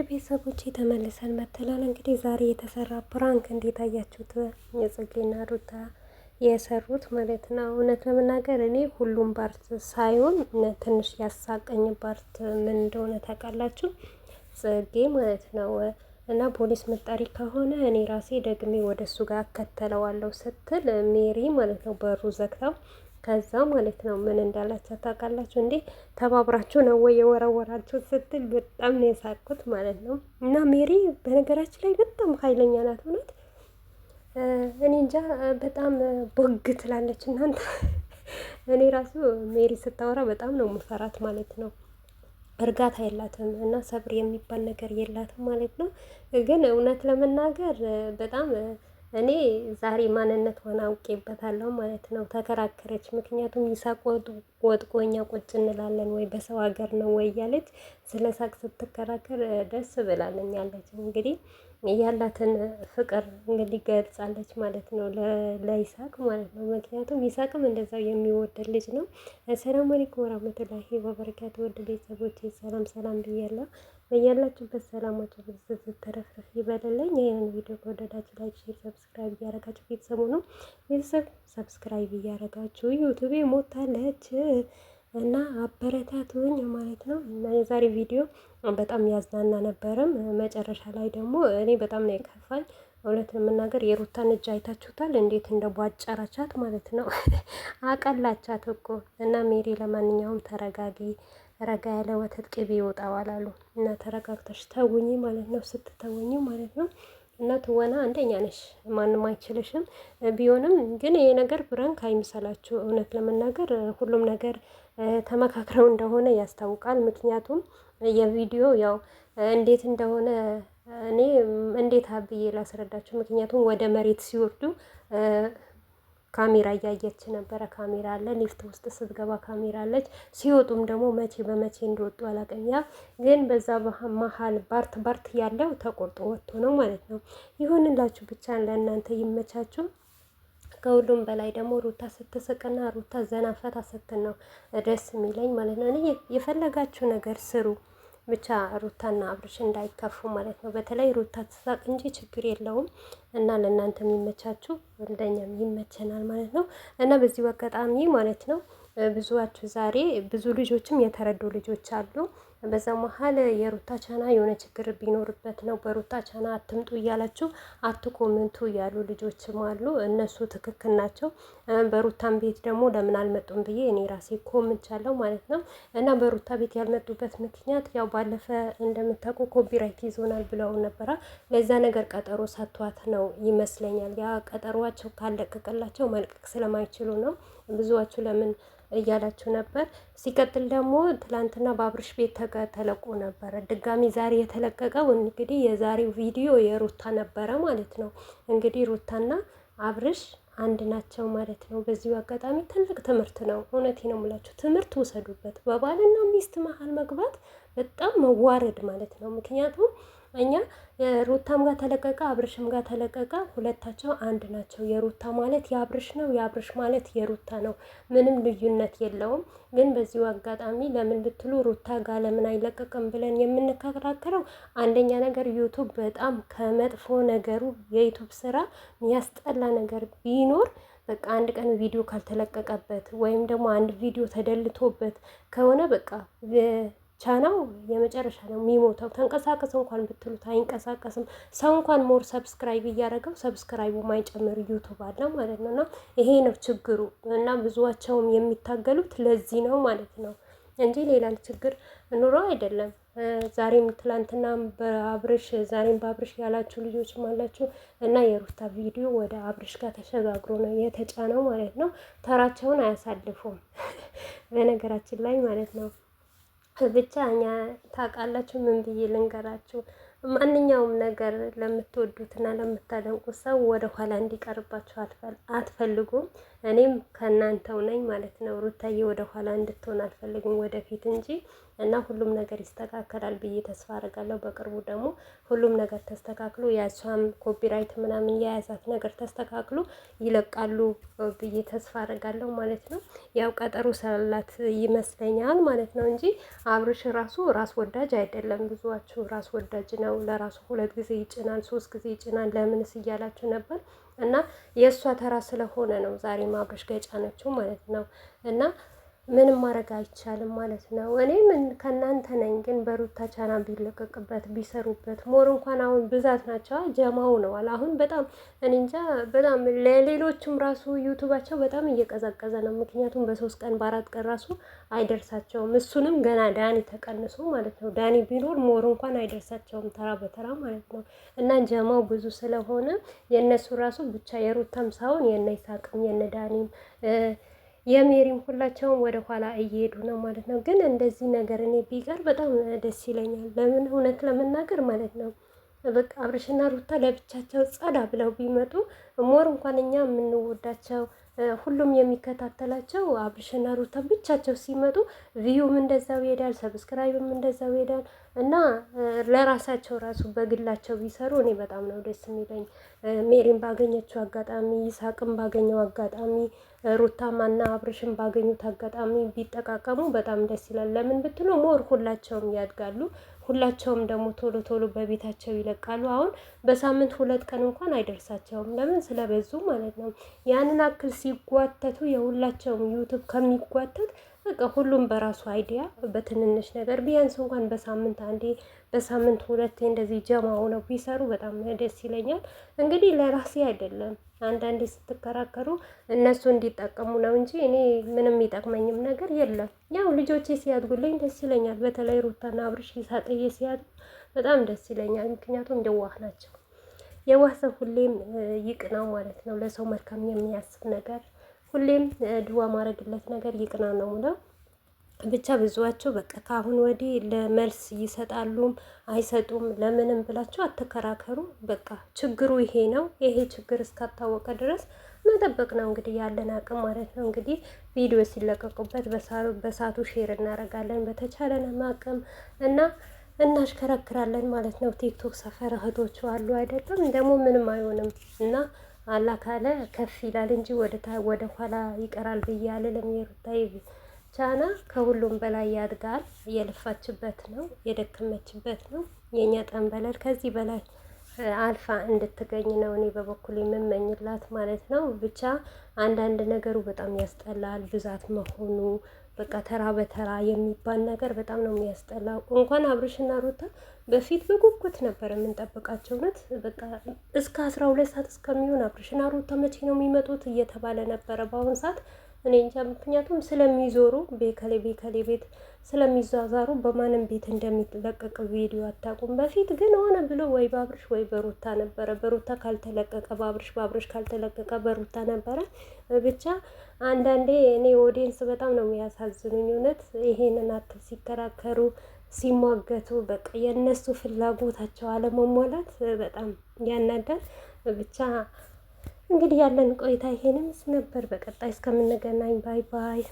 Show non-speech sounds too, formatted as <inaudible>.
ውድ ቤተሰቦች ተመልሰን መተላል። እንግዲህ ዛሬ የተሰራ ፕራንክ እንዴት አያችሁት? የጽጌና ሩታ የሰሩት ማለት ነው። እውነት ለመናገር እኔ ሁሉም ባርት ሳይሆን ትንሽ ያሳቀኝ ፓርት ምን እንደሆነ ታውቃላችሁ? ጽጌ ማለት ነው እና ፖሊስ መጣሪ ከሆነ እኔ ራሴ ደግሜ ወደ እሱ ጋር እከተለዋለሁ ስትል ሜሪ ማለት ነው በሩ ዘግታው ከዛ ማለት ነው ምን እንዳላቸው ታውቃላችሁ እንዴ? ተባብራችሁ ነው ወይ የወረወራችሁ ስትል በጣም ነው የሳቅኩት ማለት ነው። እና ሜሪ በነገራችን ላይ በጣም ኃይለኛ ናት እውነት። እኔ እንጃ በጣም ቦግ ትላለች እናንተ። እኔ ራሱ ሜሪ ስታወራ በጣም ነው የምፈራት ማለት ነው። እርጋታ የላትም እና ሰብር የሚባል ነገር የላትም ማለት ነው። ግን እውነት ለመናገር በጣም እኔ ዛሬ ማንነት ሆነ አውቄበታለሁ ማለት ነው። ተከራከረች። ምክንያቱም ይሳቅ ወጥቆ እኛ ቁጭ እንላለን ወይ በሰው ሀገር ነው ወይ እያለች ስለ ሳቅ ስትከራከር ደስ ብላለኝ ያለች እንግዲህ ያላትን ፍቅር እንግዲህ ገልጻለች ማለት ነው፣ ለይሳቅ ማለት ነው። ምክንያቱም ይሳቅም እንደዛው የሚወደድ ልጅ ነው። ሰላም አለይኩም ወራህመቱላሂ ወበረካቱ። ወደ ቤተሰቦች ሰላም ሰላም ብያለሁ። በያላችሁበት ሰላማችሁ ብዝት ተረፍረፍ ይበልልኝ። ይህንን ቪዲዮ ከወደዳችሁ ላይክ፣ ሼር፣ ሰብስክራይብ እያረጋችሁ ቤተሰቡ ነው ቤተሰብ ሰብስክራይብ እያረጋችሁ ዩቱቤ ሞታለች እና አበረታቱኝ ማለት ነው። እና የዛሬ ቪዲዮ በጣም ያዝናና ነበረም። መጨረሻ ላይ ደግሞ እኔ በጣም ነው የከፋኝ። እውነት ለመናገር የሩታን እጅ አይታችሁታል፣ እንዴት እንደ ቧጨራቻት ማለት ነው። አቀላቻት እኮ እና ሜሪ ለማንኛውም ተረጋጊ ረጋ ያለ ወተት ቅቤ ይወጣዋል አሉ እና ተረጋግተሽ ተውኝ ማለት ነው። ስትተውኝ ማለት ነው። እና ትወና አንደኛ ነሽ፣ ማንም አይችልሽም። ቢሆንም ግን ይሄ ነገር ብራንክ አይምሰላችሁ። እውነት ለመናገር ሁሉም ነገር ተመካክረው እንደሆነ ያስታውቃል። ምክንያቱም የቪዲዮ ያው እንዴት እንደሆነ እኔ እንዴት ብዬ ላስረዳችሁ። ምክንያቱም ወደ መሬት ሲወርዱ ካሜራ እያየች ነበረ። ካሜራ አለ፣ ሊፍት ውስጥ ስትገባ ካሜራ አለች። ሲወጡም ደግሞ መቼ በመቼ እንደወጡ አላቀኛ። ግን በዛ መሀል ባርት ባርት ያለው ተቆርጦ ወጥቶ ነው ማለት ነው። ይሁንላችሁ ብቻ ለእናንተ ይመቻችሁ። ከሁሉም በላይ ደግሞ ሩታ ስትስቅና ሩታ ዘናፈታ ስትል ነው ደስ የሚለኝ ማለት ነው። የፈለጋችሁ ነገር ስሩ። ብቻ ሩታና አብርሽ እንዳይከፉ ማለት ነው። በተለይ ሩታ ትሳቅ እንጂ ችግር የለውም እና ለእናንተ የሚመቻችሁ ለእኛም ይመቸናል ማለት ነው እና በዚሁ አጋጣሚ ማለት ነው ብዙዋችሁ ዛሬ ብዙ ልጆችም የተረዱ ልጆች አሉ በዛ መሀል የሩታ ቻና የሆነ ችግር ቢኖርበት ነው በሩታ ቻና አትምጡ እያላችሁ አትኮምንቱ ያሉ ልጆችም አሉ። እነሱ ትክክል ናቸው። በሩታን ቤት ደግሞ ለምን አልመጡም ብዬ እኔ ራሴ ኮምንቻለሁ ማለት ነው። እና በሩታ ቤት ያልመጡበት ምክንያት ያው ባለፈ እንደምታውቁ ኮፒራይት ይዞናል ብለው ነበረ። ለዛ ነገር ቀጠሮ ሰጥቷት ነው ይመስለኛል። ያ ቀጠሯቸው ካለቀቀላቸው መልቀቅ ስለማይችሉ ነው ብዙዎቹ ለምን እያላችሁ ነበር። ሲቀጥል ደግሞ ትላንትና በአብርሽ ቤት ተለቆ ነበረ። ድጋሚ ዛሬ የተለቀቀው እንግዲህ የዛሬው ቪዲዮ የሩታ ነበረ ማለት ነው። እንግዲህ ሩታና አብርሽ አንድ ናቸው ማለት ነው። በዚሁ አጋጣሚ ትልቅ ትምህርት ነው። እውነቴ ነው የምላችሁ፣ ትምህርት ውሰዱበት። በባልና ሚስት መሀል መግባት በጣም መዋረድ ማለት ነው። ምክንያቱም እኛ ሩታም ጋር ተለቀቀ፣ አብርሽም ጋር ተለቀቀ። ሁለታቸው አንድ ናቸው። የሩታ ማለት የአብርሽ ነው፣ የአብርሽ ማለት የሩታ ነው። ምንም ልዩነት የለውም። ግን በዚሁ አጋጣሚ ለምን ብትሉ ሩታ ጋር ለምን አይለቀቅም ብለን የምንከራከረው አንደኛ ነገር ዩቱብ በጣም ከመጥፎ ነገሩ የዩቱብ ስራ የሚያስጠላ ነገር ቢኖር በቃ አንድ ቀን ቪዲዮ ካልተለቀቀበት ወይም ደግሞ አንድ ቪዲዮ ተደልቶበት ከሆነ በቃ ቻናው የመጨረሻ ነው የሚሞተው። ተንቀሳቀስ እንኳን ብትሉት አይንቀሳቀስም። ሰው እንኳን ሞር ሰብስክራይብ እያደረገው ሰብስክራይቡ ማይጨምር ዩቱብ አለ ማለት ነው። እና ይሄ ነው ችግሩ። እና ብዙዋቸውም የሚታገሉት ለዚህ ነው ማለት ነው እንጂ ሌላ ችግር ኑሮ አይደለም። ዛሬም ትላንትና በአብርሽ ዛሬም በአብርሽ ያላችሁ ልጆችም አላችሁ እና የሩታ ቪዲዮ ወደ አብርሽ ጋር ተሸጋግሮ ነው የተጫነው ማለት ነው። ተራቸውን አያሳልፉም <laughs> በነገራችን ላይ ማለት ነው። ብቻ እኛ ታውቃላችሁ፣ ምን ብዬ ልንገራችሁ። ማንኛውም ነገር ለምትወዱትና ለምታደንቁት ሰው ወደ ኋላ እንዲቀርባችሁ አትፈልጉም። እኔም ከእናንተው ነኝ ማለት ነው። ሩታዬ ወደ ኋላ እንድትሆን አልፈልግም ወደፊት እንጂ እና ሁሉም ነገር ይስተካከላል ብዬ ተስፋ አድርጋለሁ። በቅርቡ ደግሞ ሁሉም ነገር ተስተካክሎ የእሷም ኮፒራይት ምናምን የያዛት ነገር ተስተካክሎ ይለቃሉ ብዬ ተስፋ አድርጋለሁ ማለት ነው። ያው ቀጠሮ ስላላት ይመስለኛል ማለት ነው እንጂ አብርሽ ራሱ ራስ ወዳጅ አይደለም። ብዙዋችሁ ራስ ወዳጅ ነው። ለራሱ ሁለት ጊዜ ይጭናል፣ ሶስት ጊዜ ይጭናል። ለምንስ እያላችሁ ነበር። እና የእሷ ተራ ስለሆነ ነው ዛሬ ማብረሽ ጋ ማለት ነው እና ምንም ማድረግ አይቻልም ማለት ነው። እኔ ምን ከእናንተ ነኝ ግን በሩታ ቻና ቢለቀቅበት ቢሰሩበት ሞር እንኳን አሁን ብዛት ናቸው ጀማው ነዋል። አሁን በጣም እኔ እንጃ በጣም ለሌሎችም ራሱ ዩቱባቸው በጣም እየቀዘቀዘ ነው። ምክንያቱም በሶስት ቀን በአራት ቀን ራሱ አይደርሳቸውም። እሱንም ገና ዳኒ ተቀንሶ ማለት ነው። ዳኒ ቢኖር ሞር እንኳን አይደርሳቸውም ተራ በተራ ማለት ነው። እና ጀማው ብዙ ስለሆነ የእነሱ ራሱ ብቻ የሩታም ሳይሆን የነ ይሳቅም የነ ዳኒም የሜሪም ሁላቸውም ወደ ኋላ እየሄዱ ነው ማለት ነው። ግን እንደዚህ ነገር እኔ ቢቀር በጣም ደስ ይለኛል። ለምን እውነት ለመናገር ማለት ነው በቃ አብርሽና ሩታ ለብቻቸው ጸዳ ብለው ቢመጡ ሞር እንኳን እኛ የምንወዳቸው ሁሉም የሚከታተላቸው አብርሽና ሩታ ብቻቸው ሲመጡ ቪዩም እንደዛው ይሄዳል፣ ሰብስክራይብም እንደዛው ይሄዳል። እና ለራሳቸው ራሱ በግላቸው ቢሰሩ እኔ በጣም ነው ደስ የሚለኝ። ሜሪን ባገኘችው አጋጣሚ፣ ይሳቅን ባገኘው አጋጣሚ፣ ሩታማና አብርሽን ባገኙት አጋጣሚ ቢጠቃቀሙ በጣም ደስ ይላል። ለምን ብትሉ ሞር ሁላቸውም ያድጋሉ። ሁላቸውም ደግሞ ቶሎ ቶሎ በቤታቸው ይለቃሉ። አሁን በሳምንት ሁለት ቀን እንኳን አይደርሳቸውም። ለምን ስለበዙ ማለት ነው። ያንን አክል ሲጓተቱ የሁላቸውም ዩቱብ ከሚጓተት በቃ ሁሉም በራሱ አይዲያ በትንንሽ ነገር ቢያንስ እንኳን በሳምንት አንዴ በሳምንት ሁለቴ እንደዚህ ጀማ ሆነው ቢሰሩ በጣም ደስ ይለኛል። እንግዲህ ለራሴ አይደለም አንዳንዴ ስትከራከሩ እነሱ እንዲጠቀሙ ነው እንጂ እኔ ምንም ይጠቅመኝም ነገር የለም። ያው ልጆቼ ሲያድጉልኝ ደስ ይለኛል። በተለይ ሩታና አብርሽ ሳጠየ ሲያድጉ በጣም ደስ ይለኛል። ምክንያቱም የዋህ ናቸው። የዋህ ሰው ሁሌም ነው ማለት ነው። ለሰው መልካም የሚያስብ ነገር ሁሌም ድዋ ማድረግለት ነገር ይቅና ነው ነው ብቻ ብዙዋቸው በቃ ከአሁን ወዲህ ለመልስ ይሰጣሉም አይሰጡም ለምንም ብላቸው አትከራከሩ። በቃ ችግሩ ይሄ ነው። ይሄ ችግር እስካታወቀ ድረስ መጠበቅ ነው እንግዲህ ያለን አቅም ማለት ነው። እንግዲህ ቪዲዮ ሲለቀቁበት በሳቱ ሼር እናደርጋለን በተቻለን አቅም እና እናሽከረክራለን ማለት ነው። ቲክቶክ ሰፈር እህቶቹ አሉ አይደለም ደግሞ ምንም አይሆንም እና አላ ካለ ከፍ ይላል እንጂ ወደ ኋላ ይቀራል ብዬ አልልም። የሩታዬ ቻና ከሁሉም በላይ ያድጋል። የለፋችበት ነው፣ የደከመችበት ነው። የእኛ ጠንበለል ከዚህ በላይ አልፋ እንድትገኝ ነው እኔ በበኩል የምመኝላት ማለት ነው። ብቻ አንዳንድ ነገሩ በጣም ያስጠላል፣ ብዛት መሆኑ በቃ ተራ በተራ የሚባል ነገር በጣም ነው የሚያስጠላው። እንኳን አብርሽና ሩታ በፊት በጉጉት ነበር የምንጠብቃቸው። እውነት በቃ እስከ አስራ ሁለት ሰዓት እስከሚሆን አብርሽና ሩታ መቼ ነው የሚመጡት እየተባለ ነበረ። በአሁኑ ሰዓት እኔ እንጃ። ምክንያቱም ስለሚዞሩ ቤከሌ ቤከሌ ቤት ስለሚዟዛሩ በማንም ቤት እንደሚለቀቅ ቪዲዮ አታውቁም። በፊት ግን ሆነ ብሎ ወይ ባብርሽ ወይ በሩታ ነበረ። በሩታ ካልተለቀቀ ባብርሽ፣ ባብርሽ ካልተለቀቀ በሩታ ነበረ። ብቻ አንዳንዴ እኔ ኦዲየንስ በጣም ነው የሚያሳዝኑኝ። እውነት ይሄንን አትል ሲከራከሩ ሲሟገቱ በቃ የእነሱ ፍላጎታቸው አለመሟላት በጣም ያናዳል ብቻ እንግዲህ ያለን ቆይታ ይሄንን ነበር። በቀጣይ እስከምንገናኝ ባይ ባይ።